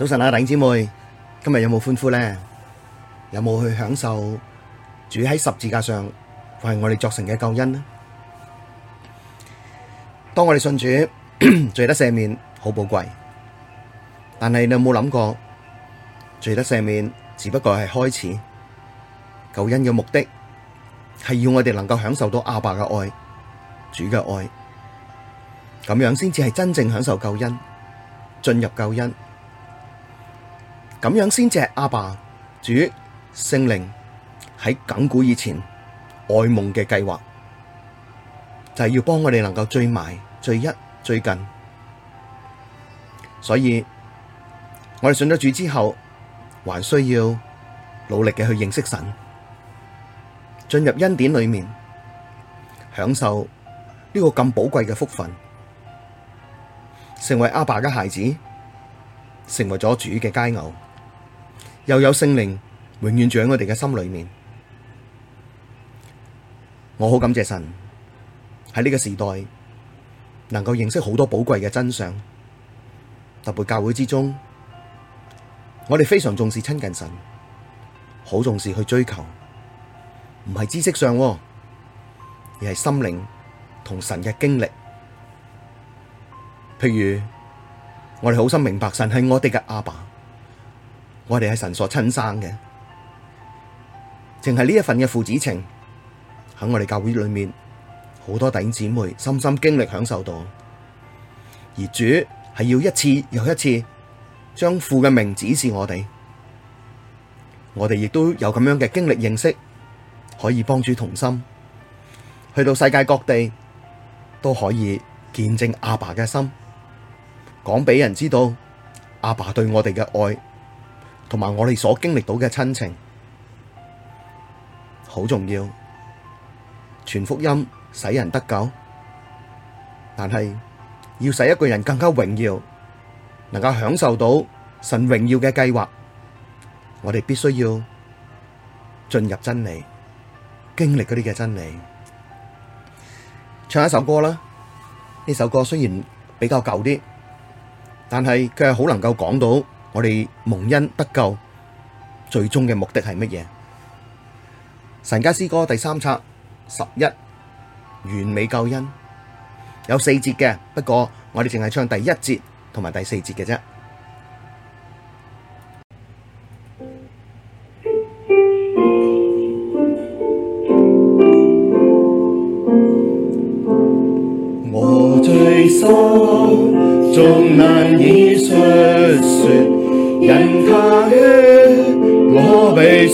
早晨啊，弟兄姊妹，今日有冇歡呼咧？有冇去享受主喺十字架上為我哋作成嘅救恩呢？當我哋信主，罪得赦免好寶貴，但係你有冇諗過，罪得赦免只不過係開始，救恩嘅目的係要我哋能夠享受到阿爸嘅愛，主嘅愛，咁樣先至係真正享受救恩，進入救恩。咁樣先至，阿爸主聖靈喺亙古以前愛夢嘅計劃，就係、是、要幫我哋能夠最埋、最一、最近。所以，我哋信咗主之後，還需要努力嘅去認識神，進入恩典裏面，享受呢個咁寶貴嘅福分，成為阿爸嘅孩子，成為咗主嘅佳偶。又有聖靈永遠住喺我哋嘅心裏面，我好感謝神喺呢個時代能夠認識好多寶貴嘅真相，特別教會之中，我哋非常重視親近神，好重視去追求，唔係知識上，而係心靈同神嘅經歷。譬如我哋好心明白神係我哋嘅阿爸。我哋係神所親生嘅，淨係呢一份嘅父子情，喺我哋教會裏面，好多弟兄姊妹深深經歷享受到，而主係要一次又一次將父嘅名指示我哋，我哋亦都有咁樣嘅經歷認識，可以幫助同心，去到世界各地都可以見證阿爸嘅心，講俾人知道阿爸對我哋嘅愛。同埋我哋所經歷到嘅親情好重要，全福音使人得救，但係要使一個人更加榮耀，能夠享受到神榮耀嘅計劃，我哋必須要進入真理，經歷嗰啲嘅真理。唱一首歌啦，呢首歌雖然比較舊啲，但係佢係好能夠講到。我哋蒙恩得救，最終嘅目的係乜嘢？神家詩歌第三冊，十一，完美救恩，有四節嘅，不過我哋淨係唱第一節同埋第四節嘅啫。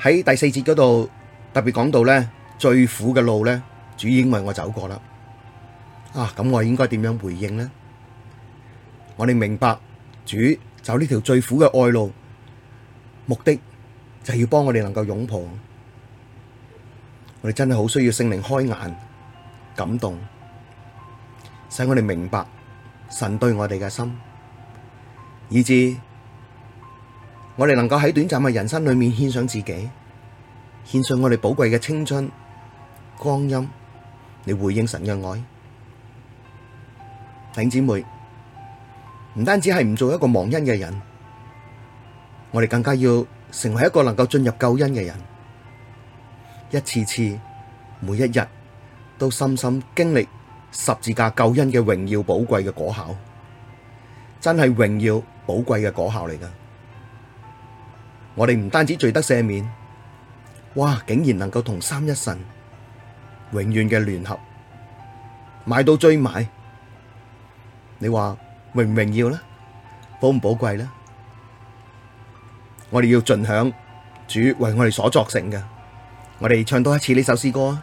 喺第四節嗰度特別講到咧，最苦嘅路咧，主已經為我走過啦。啊咁我應該點樣回應咧？我哋明白主走呢條最苦嘅愛路，目的就係要幫我哋能夠擁抱。我哋真係好需要聖靈開眼、感動，使我哋明白神對我哋嘅心，以至……我哋能夠喺短暫嘅人生裏面獻上自己，獻上我哋寶貴嘅青春光陰，嚟回應神嘅愛。弟兄姊妹，唔單止係唔做一個忘恩嘅人，我哋更加要成為一個能夠進入救恩嘅人，一次次、每一日都深深經歷十字架救恩嘅榮耀寶貴嘅果效，真係榮耀寶貴嘅果效嚟㗎。我哋唔單止罪得赦免，哇！竟然能夠同三一神永遠嘅聯合，買到追買，你話榮唔榮耀啦？寶唔寶貴啦？我哋要盡享主為我哋所作成嘅。我哋唱多一次呢首詩歌啊！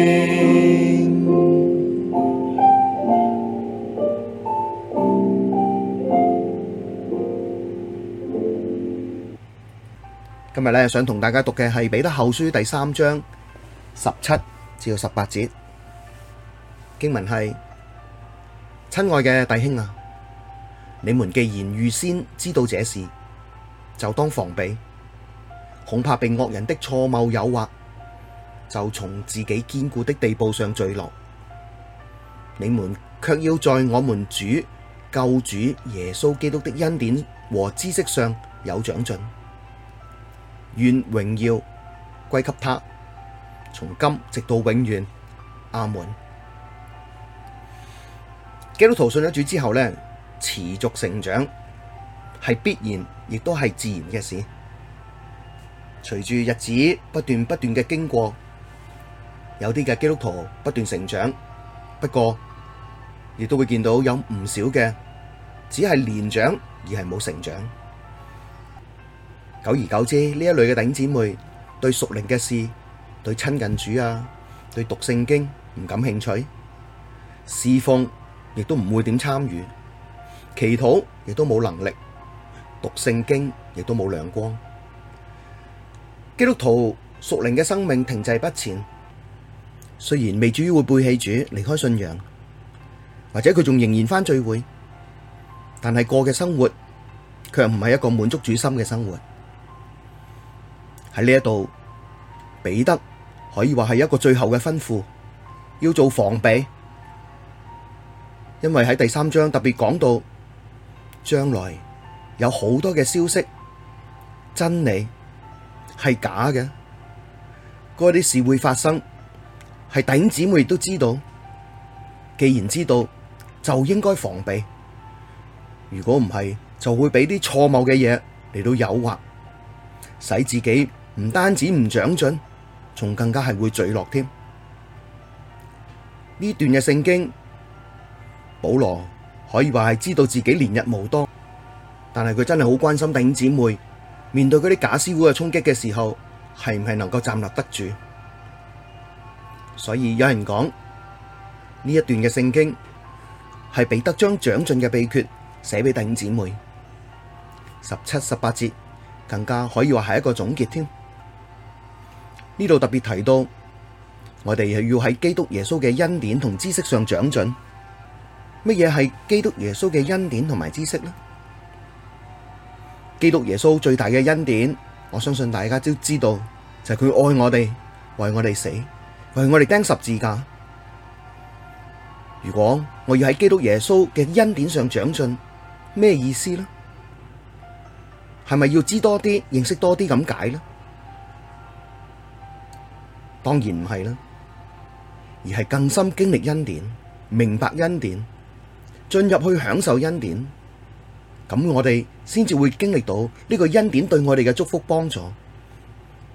今日咧想同大家讀嘅係彼得後書第三章十七至到十八節。經文係：親愛嘅弟兄啊，你們既然預先知道這事，就當防備，恐怕被惡人的錯謬誘惑，就從自己堅固的地步上墜落。你們卻要在我們主、救主耶穌基督的恩典和知識上有長進。願榮耀歸給他，從今直到永遠。阿門。基督徒信咗主之後呢，持續成長係必然，亦都係自然嘅事。隨住日子不斷不斷嘅經過，有啲嘅基督徒不斷成長，不過亦都會見到有唔少嘅只係年長而係冇成長。久而久之，呢一類嘅頂姊妹對屬靈嘅事，對親近主啊，對讀聖經唔感興趣，侍奉亦都唔會點參與，祈禱亦都冇能力，讀聖經亦都冇亮光，基督徒屬靈嘅生命停滯不前。雖然未至於會背棄主、離開信仰，或者佢仲仍然返聚會，但係過嘅生活卻唔係一個滿足主心嘅生活。喺呢一度，彼得可以話係一個最後嘅吩咐，要做防備，因為喺第三章特別講到，將來有好多嘅消息，真理係假嘅，嗰啲事會發生，係弟兄姊妹亦都知道，既然知道就應該防備，如果唔係，就會俾啲錯謬嘅嘢嚟到誘惑，使自己。唔單止唔長進，仲更加係會墜落添。呢段嘅聖經，保羅可以話係知道自己連日無多，但係佢真係好關心弟兄姊妹，面對嗰啲假師傅嘅衝擊嘅時候，係唔係能夠站立得住？所以有人講呢一段嘅聖經係彼得將長進嘅秘訣寫俾弟兄姊妹，十七、十八節更加可以話係一個總結添。呢度特別提到，我哋係要喺基督耶穌嘅恩典同知識上長進。乜嘢係基督耶穌嘅恩典同埋知識呢？基督耶穌最大嘅恩典，我相信大家都知道，就係佢愛我哋，為我哋死，為我哋釘十字架。如果我要喺基督耶穌嘅恩典上長進，咩意思呢？係咪要知多啲，認識多啲咁解呢？當然唔係啦，而係更深經歷恩典、明白恩典、進入去享受恩典，咁我哋先至會經歷到呢個恩典對我哋嘅祝福幫助，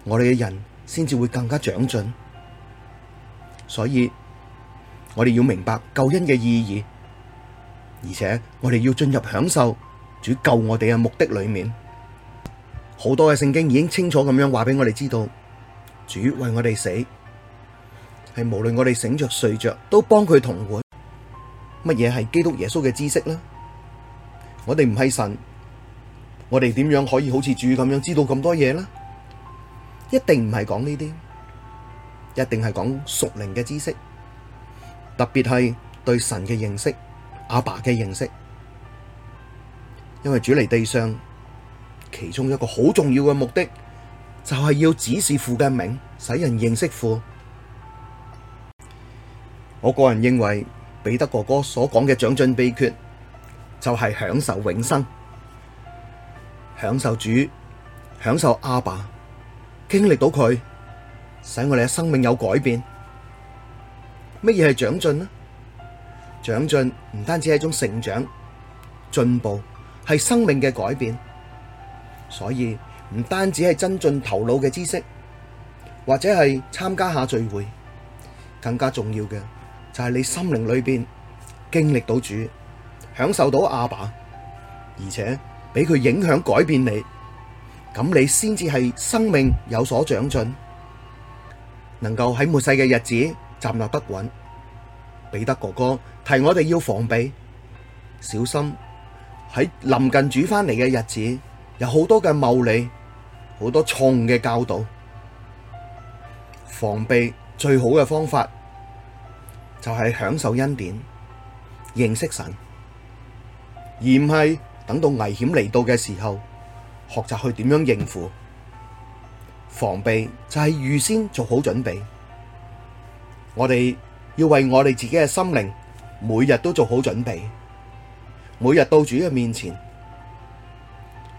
我哋嘅人先至會更加長進。所以，我哋要明白救恩嘅意義，而且我哋要進入享受主救我哋嘅目的裏面。好多嘅聖經已經清楚咁樣話俾我哋知道。主為我哋死，係無論我哋醒着睡着，都幫佢同活。乜嘢係基督耶穌嘅知識呢？我哋唔係神，我哋點樣可以好似主咁樣知道咁多嘢呢？一定唔係講呢啲，一定係講屬靈嘅知識，特別係對神嘅認識、阿爸嘅認識，因為主嚟地上其中一個好重要嘅目的。就係要指示父嘅名，使人認識父。我個人認為，彼得哥哥所講嘅長進秘訣，就係享受永生，享受主，享受阿爸，經歷到佢，使我哋嘅生命有改變。乜嘢係長進呢？長進唔單止係一種成長、進步，係生命嘅改變，所以。唔單止係增進頭腦嘅知識，或者係參加下聚會，更加重要嘅就係、是、你心靈裏邊經歷到主，享受到阿爸，而且俾佢影響改變你，咁你先至係生命有所長進，能夠喺末世嘅日子站立不穩。彼得哥哥提我哋要防備，小心喺臨近主翻嚟嘅日子，有好多嘅謬理。好多錯誤嘅教導，防備最好嘅方法就係享受恩典，認識神，而唔係等到危險嚟到嘅時候，學習去點樣應付。防備就係預先做好準備。我哋要為我哋自己嘅心靈每日都做好準備，每日到主嘅面前，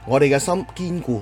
我哋嘅心堅固。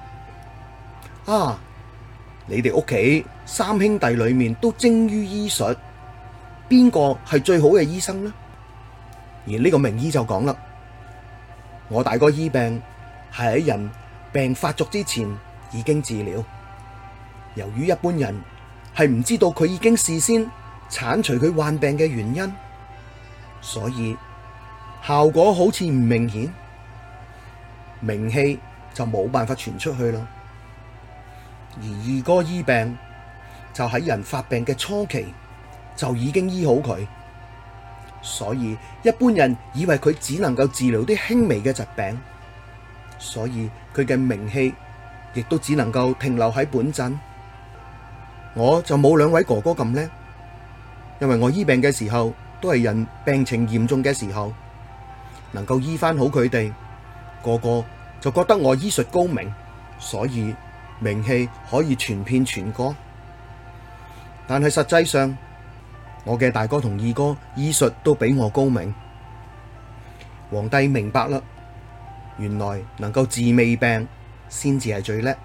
啊！你哋屋企三兄弟裏面都精於醫術，邊個係最好嘅醫生呢？而呢個名醫就講啦：「我大哥醫病係喺人病發作之前已經治療。由於一般人係唔知道佢已經事先鏟除佢患病嘅原因，所以效果好似唔明顯，名氣就冇辦法傳出去囉。而二哥醫病就喺人發病嘅初期就已經醫好佢，所以一般人以為佢只能夠治療啲輕微嘅疾病，所以佢嘅名氣亦都只能夠停留喺本鎮。我就冇兩位哥哥咁叻，因為我醫病嘅時候都係人病情嚴重嘅時候，能夠醫翻好佢哋，個個就覺得我醫術高明，所以。名氣可以傳遍全國，但係實際上，我嘅大哥同二哥醫術都比我高明。皇帝明白啦，原來能夠治未病先至係最叻。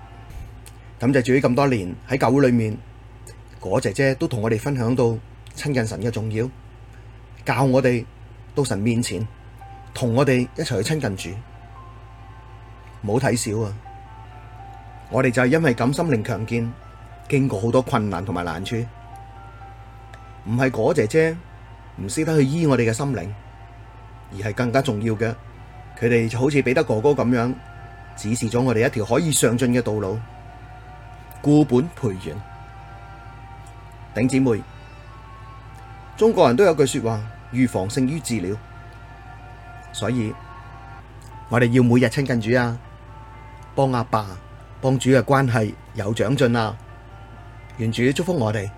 咁就住咗咁多年喺教會裏面，果姐姐都同我哋分享到親近神嘅重要，教我哋到神面前，同我哋一齊去親近主。冇睇少啊！我哋就係因為咁心靈強健，經過好多困難同埋難處，唔係果姐姐唔識得去醫我哋嘅心靈，而係更加重要嘅，佢哋就好似彼得哥哥咁樣，指示咗我哋一條可以上進嘅道路，固本培元。頂姐妹，中國人都有句說話，預防勝於治療，所以我哋要每日親近主啊，幫阿爸，爸。幫主嘅關係有長進啦，願主祝福我哋。